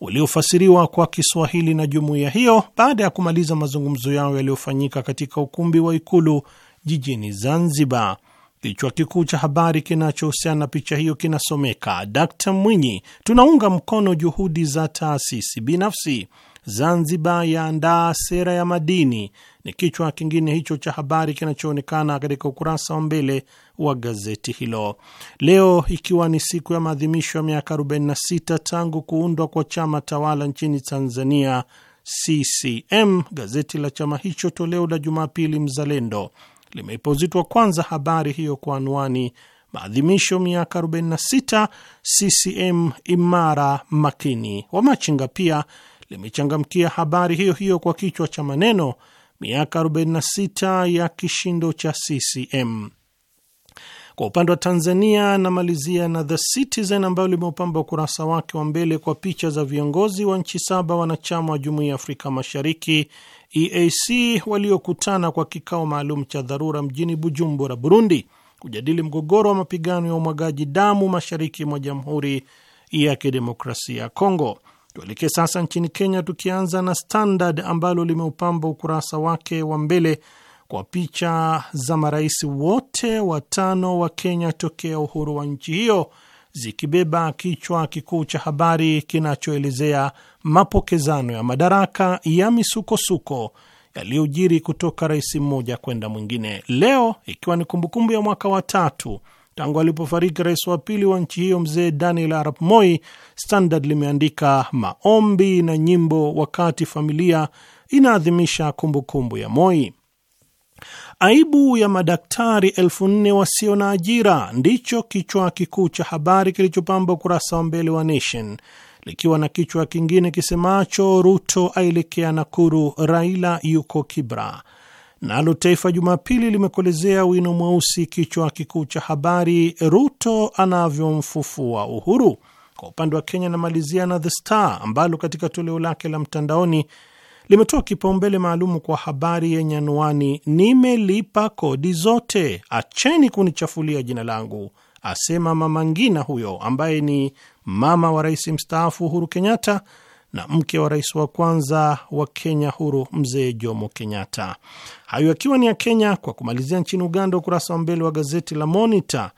uliofasiriwa kwa Kiswahili na jumuiya hiyo baada ya kumaliza mazungumzo yao yaliyofanyika katika ukumbi wa Ikulu jijini Zanzibar. Kichwa kikuu cha habari kinachohusiana na picha hiyo kinasomeka: Dkt Mwinyi, tunaunga mkono juhudi za taasisi binafsi Zanzibar yaandaa sera ya madini ni kichwa kingine hicho cha habari kinachoonekana katika ukurasa wa mbele wa gazeti hilo leo, ikiwa ni siku ya maadhimisho ya miaka 46 tangu kuundwa kwa chama tawala nchini Tanzania, CCM. Gazeti la chama hicho toleo la Jumapili Mzalendo limeipozitwa kwanza habari hiyo kwa anwani maadhimisho miaka 46 CCM imara makini. Wamachinga pia limechangamkia habari hiyo hiyo kwa kichwa cha maneno miaka 46 ya kishindo cha CCM. Kwa upande wa Tanzania, namalizia na The Citizen ambayo limeupamba ukurasa wake wa mbele kwa picha za viongozi wa nchi saba wanachama wa Jumuiya ya Afrika Mashariki EAC waliokutana kwa kikao maalum cha dharura mjini Bujumbura, Burundi, kujadili mgogoro wa mapigano ya umwagaji damu mashariki mwa Jamhuri ya Kidemokrasia ya Kongo. Tuelekee sasa nchini Kenya, tukianza na Standard ambalo limeupamba ukurasa wake wa mbele kwa picha za marais wote watano wa Kenya tokea uhuru wa nchi hiyo zikibeba kichwa kikuu cha habari kinachoelezea mapokezano ya madaraka ya misukosuko yaliyojiri kutoka rais mmoja kwenda mwingine. Leo ikiwa ni kumbukumbu ya mwaka wa tatu Tangu alipofariki rais wa pili wa nchi hiyo mzee Daniel Arap Moi, Standard limeandika maombi na nyimbo wakati familia inaadhimisha kumbukumbu ya Moi. Aibu ya madaktari elfu nne wasio na ajira ndicho kichwa kikuu cha habari kilichopamba ukurasa wa mbele wa Nation, likiwa na kichwa kingine kisemacho Ruto aelekea Nakuru, Raila yuko Kibra. Nalo Taifa Jumapili limekolezea wino mweusi kichwa kikuu cha habari, Ruto anavyomfufua Uhuru. Kwa upande wa Kenya namalizia na The Star ambalo katika toleo lake la mtandaoni limetoa kipaumbele maalumu kwa habari yenye anuani, nimelipa kodi zote, acheni kunichafulia jina langu, asema Mama Ngina, huyo ambaye ni mama wa rais mstaafu Uhuru Kenyatta na mke wa rais wa kwanza wa Kenya huru mzee Jomo Kenyatta. Hayo akiwa ni ya Kenya. Kwa kumalizia, nchini Uganda, ukurasa wa mbele wa gazeti la monita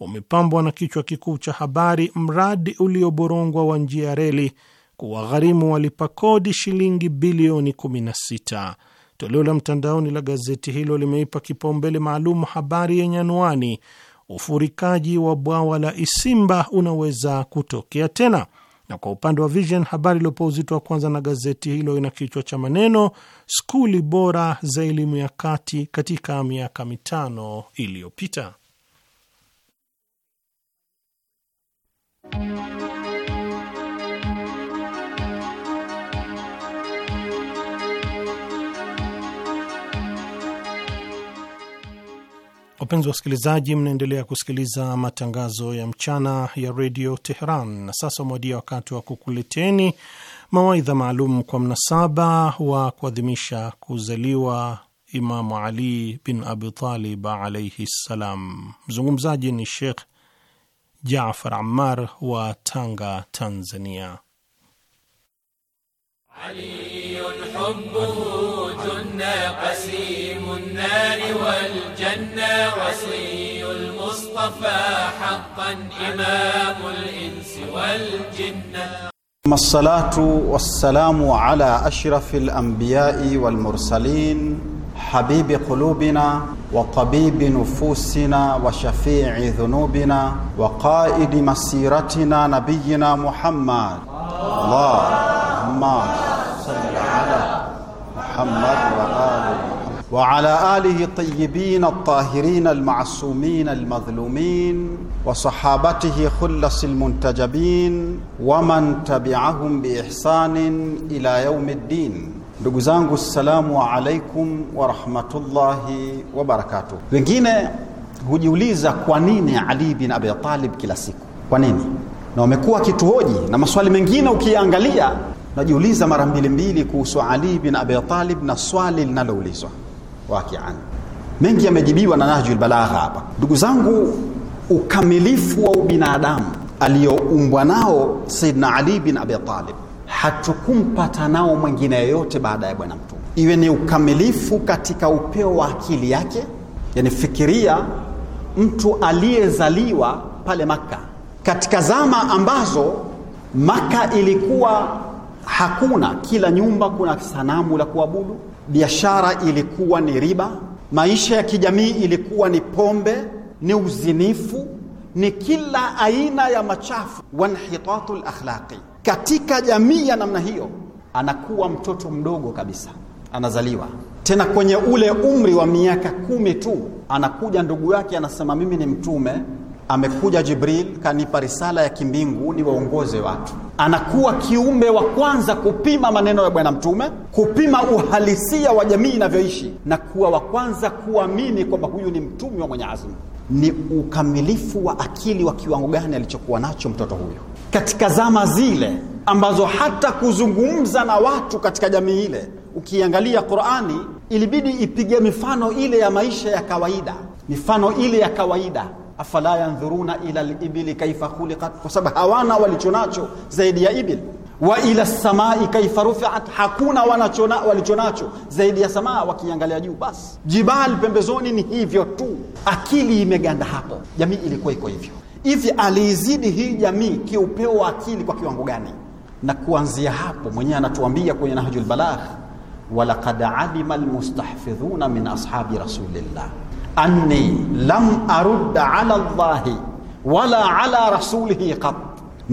umepambwa na kichwa kikuu cha habari, mradi ulioborongwa wa njia ya reli kuwagharimu walipa kodi shilingi bilioni 16. Toleo la mtandaoni la gazeti hilo limeipa kipaumbele maalum habari yenye anwani, ufurikaji wa bwawa la Isimba unaweza kutokea tena. Na kwa upande wa Vision, habari iliyopewa uzito wa kwanza na gazeti hilo ina kichwa cha maneno skuli bora za elimu ya kati katika miaka mitano iliyopita. Wapenzi wasikilizaji, mnaendelea kusikiliza matangazo ya mchana ya redio Teheran, na sasa umewadia wakati wa kukuleteni mawaidha maalum kwa mnasaba wa kuadhimisha kuzaliwa Imamu Ali bin Abi Talib alaihi ssalam. Mzungumzaji ni shekh jafar Ammar wa Tanga, Tanzania. Ali والجنة وصي المصطفى حقا إمام الإنس والجنة ثم الصلاة والسلام على أشرف الأنبياء والمرسلين حبيب قلوبنا وطبيب نفوسنا وشفيع ذنوبنا وقائد مسيرتنا نبينا محمد اللهم صل على محمد وآل محمد وعلى آله الطيبين الطاهرين المعصومين المظلومين وصحابته خلص المنتجبين ومن تبعهم بإحسان إلى يوم الدين Ndugu zangu, salamu alaikum warahmatullahi wabarakatuh. Wengine hujiuliza kwa nini Ali bin Abi Talib kila siku, kwa nini? Na wamekuwa kituhoji na maswali mengine, ukiangalia najiuliza mara mbili mbili kuhusu Ali bin Abi Talib na swali linaloulizwa wakian. Mengi yamejibiwa na Nahjul Balagha hapa, ndugu zangu. Ukamilifu wa ubinadamu aliyoumbwa nao Saidna Ali bin Abi Talib hatukumpata nao mwingine yoyote baada ya Bwana Mtume, iwe ni ukamilifu katika upeo wa akili yake. Yani fikiria mtu aliyezaliwa pale Makka katika zama ambazo Makka ilikuwa hakuna, kila nyumba kuna sanamu la kuabudu biashara ilikuwa ni riba, maisha ya kijamii ilikuwa ni pombe, ni uzinifu, ni kila aina ya machafu, wanhitatu lakhlaqi. Katika jamii ya namna hiyo, anakuwa mtoto mdogo kabisa, anazaliwa tena kwenye ule umri wa miaka kumi tu, anakuja ndugu yake anasema, mimi ni mtume amekuja Jibril kanipa risala ya kimbingu ni waongoze watu. Anakuwa kiumbe wa kwanza kupima maneno ya Bwana Mtume, kupima uhalisia wa jamii inavyoishi na kuwa wa kwanza kuamini kwamba huyu ni mtume wa Mwenyezi Mungu. Ni ukamilifu wa akili wa kiwango gani alichokuwa nacho mtoto huyo katika zama zile ambazo hata kuzungumza na watu katika jamii ile, ukiangalia Qur'ani ilibidi ipige mifano ile ya maisha ya kawaida, mifano ile ya kawaida afala yandhuruna ila alibili kaifa khuliqat, kwa sababu hawana walichonacho zaidi ya ibil. Wa ila samai kaifa rufiat, hakuna wanachona walichonacho zaidi ya samaa, wakiangalia juu. Basi jibal pembezoni ni hivyo tu. Akili imeganda hapo, jamii ilikuwa iko hivyo hivi. Aliizidi hii jamii kiupeo wa akili kwa kiwango gani? Na kuanzia hapo mwenyewe anatuambia kwenye Nahjul Balagh, walaqad alima almustahfidhuna min ashabi rasulillah anni lam arudda ala llahi wala ala rasulihi qat,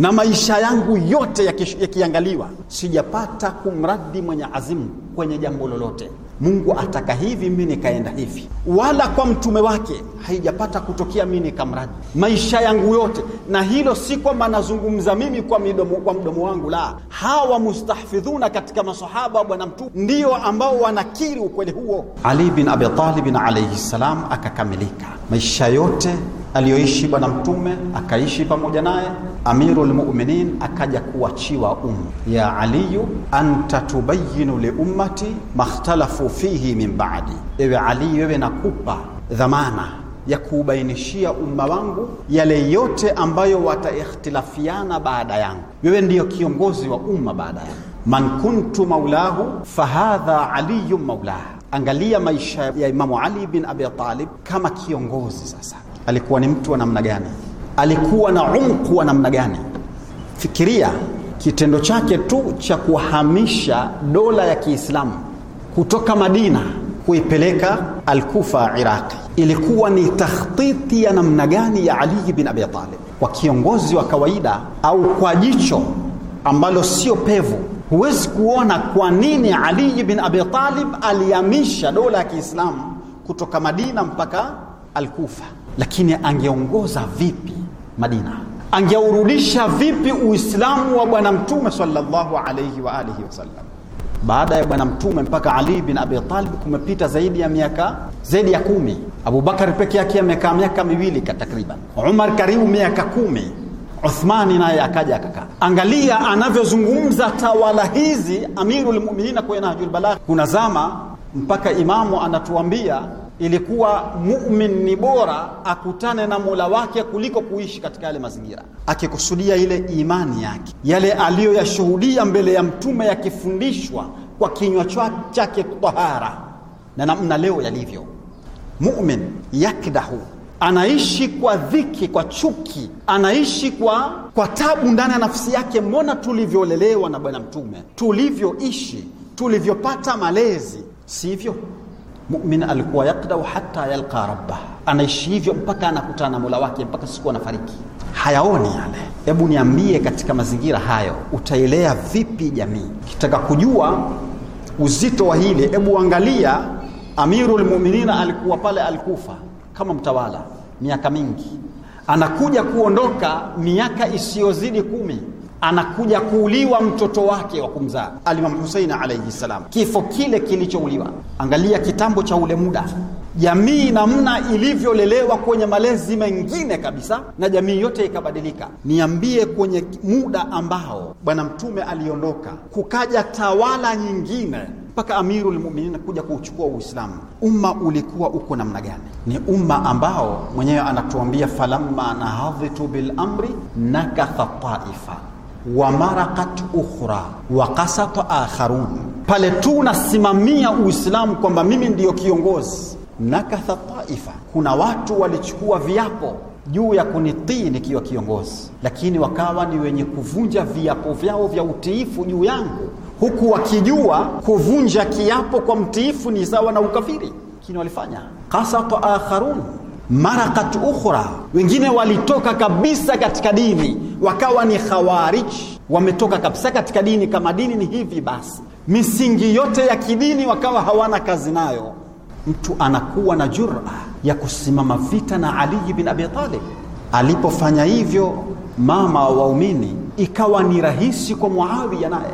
na maisha yangu yote yakiangaliwa, sijapata kumradi mwenye azimu kwenye jambo lolote. Mungu ataka hivi, mimi nikaenda hivi, wala kwa mtume wake haijapata kutokea mimi nikamradi maisha yangu yote. Na hilo si kwamba nazungumza mimi kwa midomo, kwa mdomo wangu, la, hawa mustahfidhuna katika masahaba wa bwana mtume ndio ambao wanakiri ukweli huo. Ali bin Abi Talib alayhi salam akakamilika maisha yote aliyoishi bwana mtume, akaishi pamoja naye Amirul Mu'minin akaja kuachiwa umma ya Aliyu, anta tubayinu liummati makhtalafu fihi min ba'di, ewe Ali, wewe nakupa dhamana ya kuubainishia umma wangu yale yote ambayo wataikhtilafiana baada yangu. Wewe ndiyo kiongozi wa umma baada yangu. Man kuntu maulahu fahadha aliyu maulah. Angalia maisha ya Imamu Ali bin Abi Talib kama kiongozi. Sasa alikuwa ni mtu wa namna gani? alikuwa na umku wa namna gani fikiria kitendo chake tu cha kuhamisha dola ya kiislamu kutoka madina kuipeleka alkufa iraqi ilikuwa ni takhtiti ya namna gani ya ali bin abi talib kwa kiongozi wa kawaida au kwa jicho ambalo sio pevu huwezi kuona kwa nini ali bin abi talib alihamisha dola ya kiislamu kutoka madina mpaka alkufa lakini angeongoza vipi Madina. Angeurudisha vipi Uislamu wa Bwana Mtume sallallahu alayhi wa alihi wasallam? Baada ya Bwana Mtume mpaka Ali bin Abi Talib kumepita zaidi ya miaka zaidi ya kumi. Abubakar peke yake amekaa miaka miwili takriban, Umar karibu miaka kumi, Uthmani naye akaja akakaa. Angalia anavyozungumza tawala hizi, Amirul Mu'minin kwa Nahjul Balagha kuna zama mpaka imamu anatuambia ilikuwa mumin ni bora akutane na Mola wake kuliko kuishi katika yale mazingira, akikusudia ile imani yake, yale aliyoyashuhudia mbele ya Mtume yakifundishwa kwa kinywa chake tahara, na namna leo yalivyo. Mumin yakdahu, anaishi kwa dhiki, kwa chuki, anaishi kwa, kwa tabu ndani ya nafsi yake. Mbona tulivyolelewa na Bwana Mtume, tulivyoishi, tulivyopata malezi, sivyo? Mumin alikuwa yakdau hata yalqa rabbah, anaishi hivyo mpaka anakutana na mola wake, mpaka siku anafariki. Hayaoni yale. Hebu niambie, katika mazingira hayo utailea vipi jamii? Kitaka kujua uzito wa hili, hebu angalia Amirul Mu'minin alikuwa pale Alkufa kama mtawala miaka mingi, anakuja kuondoka miaka isiyozidi kumi anakuja kuuliwa mtoto wake wa kumzaa Alimamu Husein alaihi salam, kifo kile kilichouliwa. Angalia kitambo cha ule muda, jamii namna ilivyolelewa kwenye malezi mengine kabisa, na jamii yote ikabadilika. Niambie, kwenye muda ambao Bwana Mtume aliondoka, kukaja tawala nyingine mpaka Amirul Mu'minin kuja kuuchukua Uislamu, umma ulikuwa uko namna gani? Ni umma ambao mwenyewe anatuambia falamma nahadhitu bil amri nakatha taifa wa marakat ukhra wa qasat akharun, pale nasimamia Uislamu kwamba mimi ndiyo kiongozi. Nakatha taifa, kuna watu walichukua viapo juu ya kunitii nikiwa kiongozi, lakini wakawa ni wenye kuvunja viapo vyao vya utiifu juu yangu, huku wakijua kuvunja kiapo kwa mtiifu ni sawa na ukafiri, lakini walifanya Qasat akharun marakat ukhra, wengine walitoka kabisa katika dini wakawa ni khawariji, wametoka kabisa katika dini, kama dini ni hivi basi misingi yote ya kidini wakawa hawana kazi nayo. Mtu anakuwa na jura ya kusimama vita na Ali bin Abi Talib. Alipofanya hivyo mama wa waumini, ikawa ni rahisi kwa Muawiya naye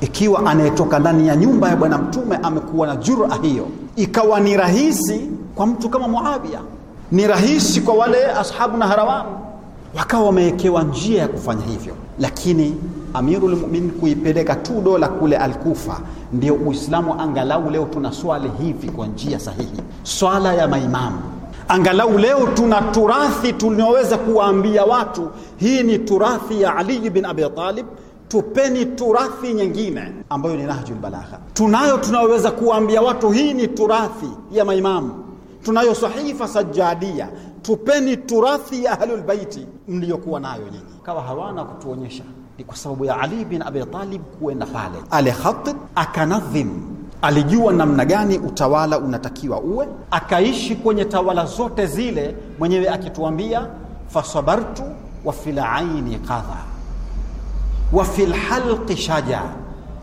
ikiwa anayetoka ndani ya nyumba ya Bwana Mtume amekuwa na jura hiyo, ikawa ni rahisi kwa mtu kama Muawiya ni rahisi kwa wale ashabu na harawamu wakawa wamewekewa njia ya kufanya hivyo lakini amirul mu'minin kuipeleka tu dola kule alkufa ndio uislamu angalau leo tuna swali hivi kwa njia sahihi swala ya maimamu angalau leo tuna turathi tunaweza kuwaambia watu hii ni turathi ya ali bin abi talib tupeni turathi nyingine ambayo ni nahjul balagha tunayo tunaweza kuwaambia watu hii ni turathi ya maimamu tunayo sahifa sajadia, tupeni turathi ya ahlul baiti mliyokuwa nayo nyinyi. Kawa hawana kutuonyesha ni kwa sababu ya Ali bin Abi Talib kuenda pale, alikhatib akanadhim, alijua namna gani utawala unatakiwa uwe, akaishi kwenye tawala zote zile, mwenyewe akituambia fasabartu wa fil aini qadha wa fil halqi shaja,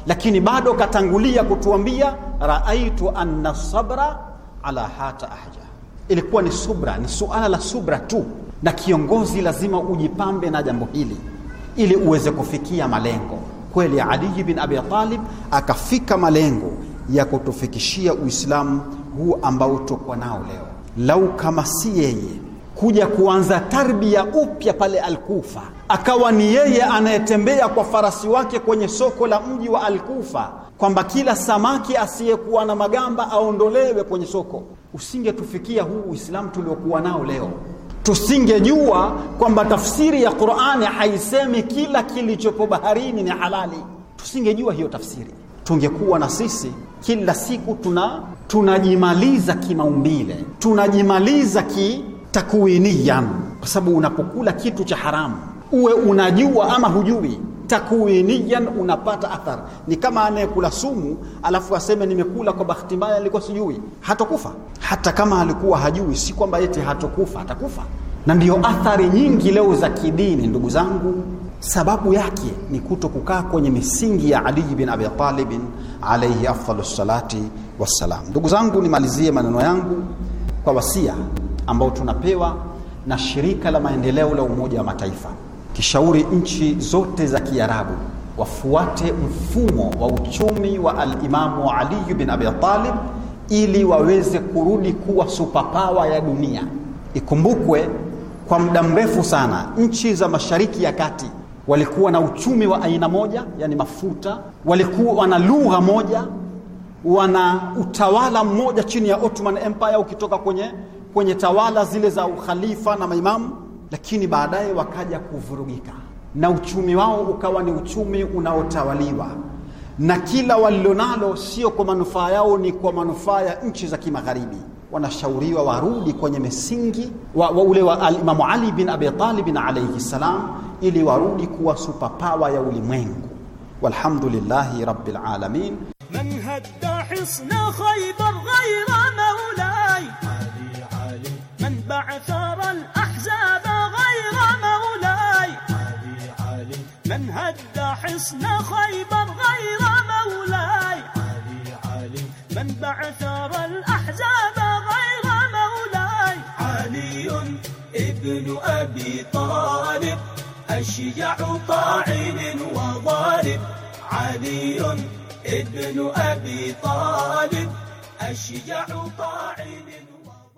lakini bado katangulia kutuambia raaitu anna sabra ala hata ahja. Ilikuwa ni subra, ni suala la subra tu, na kiongozi lazima ujipambe na jambo hili ili uweze kufikia malengo. Kweli Ali bin Abi Talib akafika malengo ya kutufikishia Uislamu huu ambao tuko nao leo. Lau kama si yeye kuja kuanza tarbia upya pale Alkufa, akawa ni yeye anayetembea kwa farasi wake kwenye soko la mji wa Alkufa kwamba kila samaki asiyekuwa na magamba aondolewe kwenye soko, usingetufikia huu Uislamu tuliokuwa nao leo. Tusingejua kwamba tafsiri ya Qur'ani haisemi kila kilichopo baharini ni halali, tusingejua hiyo tafsiri. Tungekuwa na sisi kila siku tuna tunajimaliza kimaumbile, tunajimaliza kitakwiniyan, kwa sababu unapokula kitu cha haramu uwe unajua ama hujui takwiniyan unapata athar. Ni kama anayekula sumu alafu aseme nimekula kwa bahati mbaya, nilikuwa sijui, hatokufa Hata kama alikuwa hajui, si kwamba eti hatokufa atakufa. Na ndiyo athari nyingi leo za kidini, ndugu zangu, sababu yake ni kuto kukaa kwenye misingi ya Ali bin Abi Talib alayhi afdalu salati wassalam. Ndugu zangu, nimalizie maneno yangu kwa wasia ambao tunapewa na shirika la maendeleo la Umoja wa Mataifa akishauri nchi zote za Kiarabu wafuate mfumo wa uchumi wa alimamu Ali bin Abi Talib ili waweze kurudi kuwa superpower ya dunia. Ikumbukwe kwa muda mrefu sana nchi za Mashariki ya Kati walikuwa na uchumi wa aina moja, yani mafuta, walikuwa wana lugha moja, wana utawala mmoja chini ya Ottoman Empire, ukitoka kwenye kwenye tawala zile za ukhalifa na maimamu lakini baadaye wakaja kuvurugika na uchumi wao ukawa ni uchumi unaotawaliwa na kila walilonalo sio kwa manufaa yao, ni kwa manufaa ya nchi za kimagharibi. Wanashauriwa warudi kwenye misingi wa, wa ule wa Imamu Ali bin Abi Talib alayhi salam, ili warudi kuwa superpower ya ulimwengu. Walhamdulillahi rabbil alamin. هدى حصن خيبر غير مولاي علي علي من بعثر الأحزاب غير مولاي علي ابن أبي طالب أشجع طاعن وظالم علي ابن أبي طالب أشجع طاعن وظالم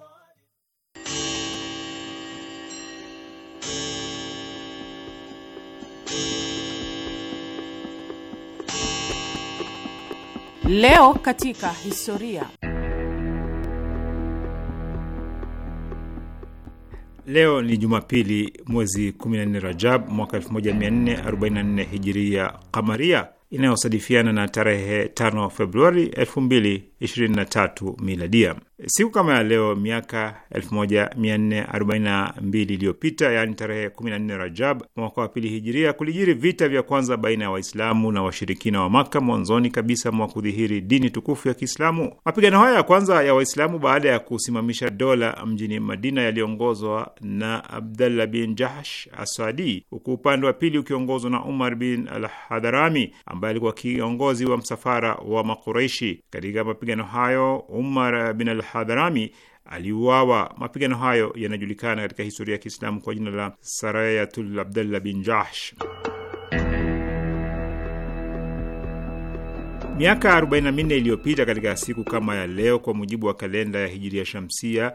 Thank you. Leo katika historia. Leo ni Jumapili, mwezi 14 Rajab mwaka 1444 hijiria kamaria, inayosadifiana na tarehe 5 Februari 23 miladia. Siku kama ya leo miaka 1442 iliyopita, yaani tarehe 14 Rajab mwaka wa pili hijiria, kulijiri vita vya kwanza baina ya Waislamu na washirikina wa Maka mwanzoni kabisa mwa kudhihiri dini tukufu ya Kiislamu. Mapigano haya ya kwanza ya Waislamu baada ya kusimamisha dola mjini Madina yaliongozwa na Abdallah bin Jahsh Aswadi, huku upande wa pili ukiongozwa na Umar bin Alhadharami ambaye alikuwa kiongozi wa msafara wa Makuraishi katika mapigano hayo Umar bin al Hadharami aliuawa. Mapigano hayo yanajulikana katika historia ya Kiislamu kwa jina la Sarayatul Abdallah bin Jahsh. Miaka 44 iliyopita katika siku kama ya leo, kwa mujibu wa kalenda ya Hijiria Shamsia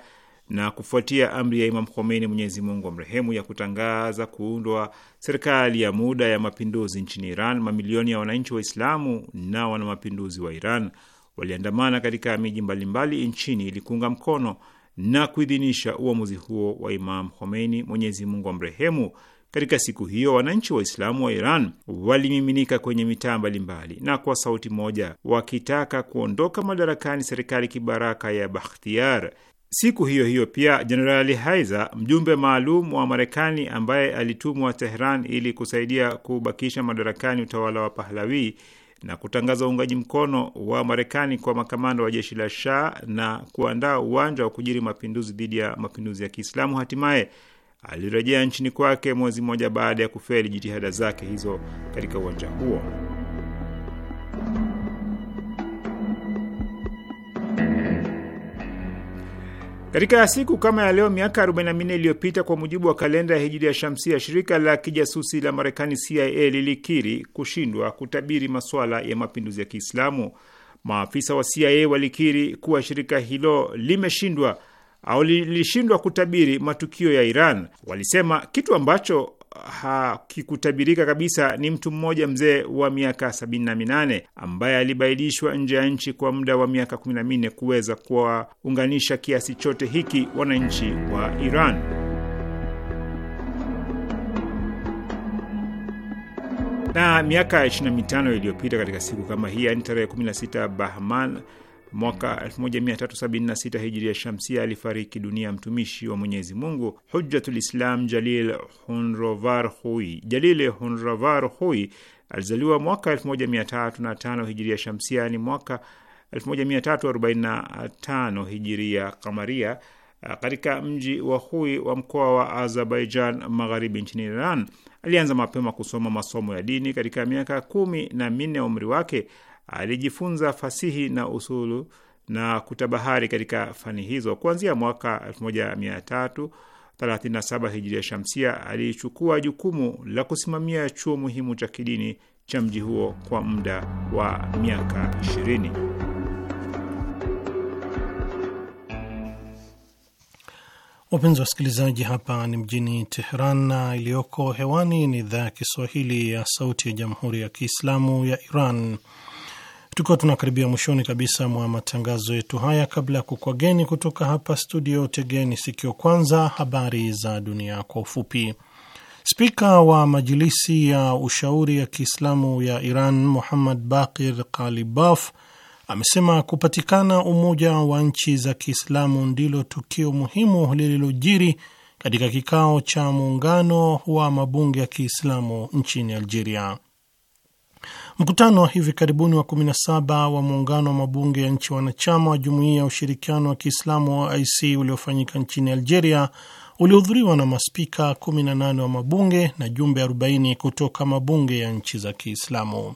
na kufuatia amri ya Imam Khomeini, Mwenyezi Mungu amrehemu, ya kutangaza kuundwa serikali ya muda ya mapinduzi nchini Iran, mamilioni ya wananchi Waislamu na wana mapinduzi wa Iran waliandamana katika miji mbalimbali nchini ili kuunga mkono na kuidhinisha uamuzi huo wa Imam Khomeini, Mwenyezi Mungu amrehemu. Katika siku hiyo wananchi Waislamu wa Iran walimiminika kwenye mitaa mbalimbali na kwa sauti moja wakitaka kuondoka madarakani serikali kibaraka ya Bakhtiar. Siku hiyo hiyo pia Jenerali Haiza, mjumbe maalum wa Marekani ambaye alitumwa Tehran ili kusaidia kubakisha madarakani utawala wa Pahlavi, na kutangaza uungaji mkono wa Marekani kwa makamanda wa jeshi la Shah na kuandaa uwanja wa kujiri mapinduzi dhidi ya mapinduzi ya Kiislamu, hatimaye alirejea nchini kwake mwezi mmoja baada ya kufeli jitihada zake hizo katika uwanja huo. Katika siku kama ya leo miaka 44 iliyopita kwa mujibu wa kalenda ya hijiri ya shamsia, shirika la kijasusi la Marekani CIA lilikiri kushindwa kutabiri masuala ya mapinduzi ya Kiislamu. Maafisa wa CIA walikiri kuwa shirika hilo limeshindwa au lilishindwa kutabiri matukio ya Iran. Walisema kitu ambacho hakikutabirika kabisa ni mtu mmoja mzee wa miaka sabini na minane ambaye alibaidishwa nje ya nchi kwa muda wa miaka kumi na minne kuweza kuwaunganisha kiasi chote hiki wananchi wa Iran. na miaka 25 iliyopita katika siku kama hii, yani tarehe 16 Bahman mwaka 1376 hijiria shamsia alifariki dunia mtumishi wa Mwenyezi Mungu Hujjatul Islam Jalil Hunrovar Hui. Jalil Hunrovar Hui alizaliwa mwaka 1305 hijiria shamsia, ni mwaka 1345 hijiria kamaria uh, katika mji wa Hui wa mkoa wa Azerbaijan magharibi nchini Iran. Alianza mapema kusoma masomo ya dini. Katika miaka kumi na minne ya umri wake alijifunza fasihi na usulu na kutabahari katika fani hizo. Kuanzia mwaka 1337 hijiria shamsia, alichukua jukumu la kusimamia chuo muhimu cha kidini cha mji huo kwa muda wa miaka 20. Wapenzi wa wasikilizaji, hapa ni mjini Teheran na iliyoko hewani ni idhaa ya Kiswahili ya Sauti ya Jamhuri ya Kiislamu ya Iran. Tukiwa tunakaribia mwishoni kabisa mwa matangazo yetu haya, kabla ya kukwageni kutoka hapa studio, tegeni sikio kwanza habari za dunia kwa ufupi. Spika wa Majilisi ya Ushauri ya Kiislamu ya Iran Muhammad Bakir Kalibaf amesema kupatikana umoja wa nchi za Kiislamu ndilo tukio muhimu lililojiri katika kikao cha muungano wa mabunge ya Kiislamu nchini Algeria. Mkutano wa hivi karibuni wa 17 wa muungano wa mabunge ya nchi wanachama wa jumuiya ya ushirikiano wa Kiislamu wa OIC uliofanyika nchini Algeria ulihudhuriwa na maspika 18 wa mabunge na jumbe 40 kutoka mabunge ya nchi za Kiislamu.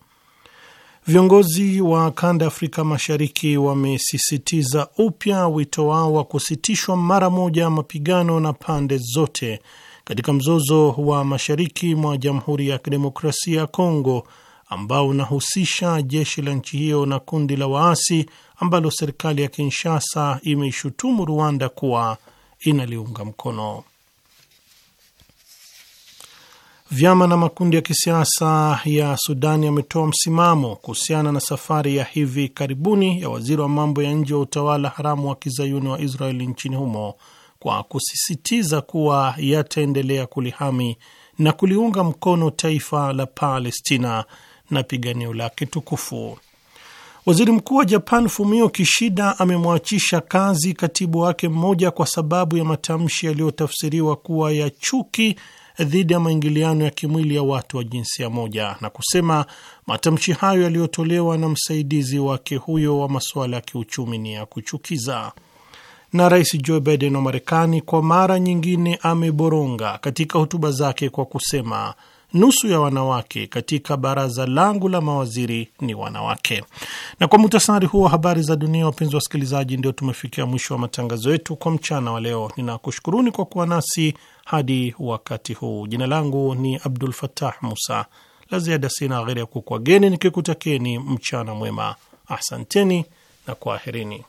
Viongozi wa kanda ya Afrika Mashariki wamesisitiza upya wito wao wa kusitishwa mara moja mapigano na pande zote katika mzozo wa mashariki mwa Jamhuri ya Kidemokrasia ya Kongo ambao unahusisha jeshi la nchi hiyo na kundi la waasi ambalo serikali ya Kinshasa imeishutumu Rwanda kuwa inaliunga mkono. Vyama na makundi ya kisiasa ya Sudani yametoa msimamo kuhusiana na safari ya hivi karibuni ya waziri wa mambo ya nje wa utawala haramu wa kizayuni wa Israeli nchini humo kwa kusisitiza kuwa yataendelea kulihami na kuliunga mkono taifa la Palestina na piganio lake tukufu. Waziri mkuu wa Japan Fumio Kishida amemwachisha kazi katibu wake mmoja kwa sababu ya matamshi yaliyotafsiriwa kuwa ya chuki dhidi ya maingiliano ya kimwili ya watu wa jinsia moja na kusema matamshi hayo yaliyotolewa na msaidizi wake huyo wa masuala ya kiuchumi ni ya kuchukiza. Na Rais Joe Biden wa Marekani kwa mara nyingine ameboronga katika hotuba zake kwa kusema nusu ya wanawake katika baraza langu la mawaziri ni wanawake. Na kwa muhtasari huo wa habari za dunia, wapenzi wa wasikilizaji, ndio tumefikia mwisho wa matangazo yetu kwa mchana wa leo. Ninakushukuruni kwa kuwa nasi hadi wakati huu. Jina langu ni Abdul fatah Musa. La ziada sina ghairi ya kukwageni nikikutakeni mchana mwema. Asanteni na kwaherini.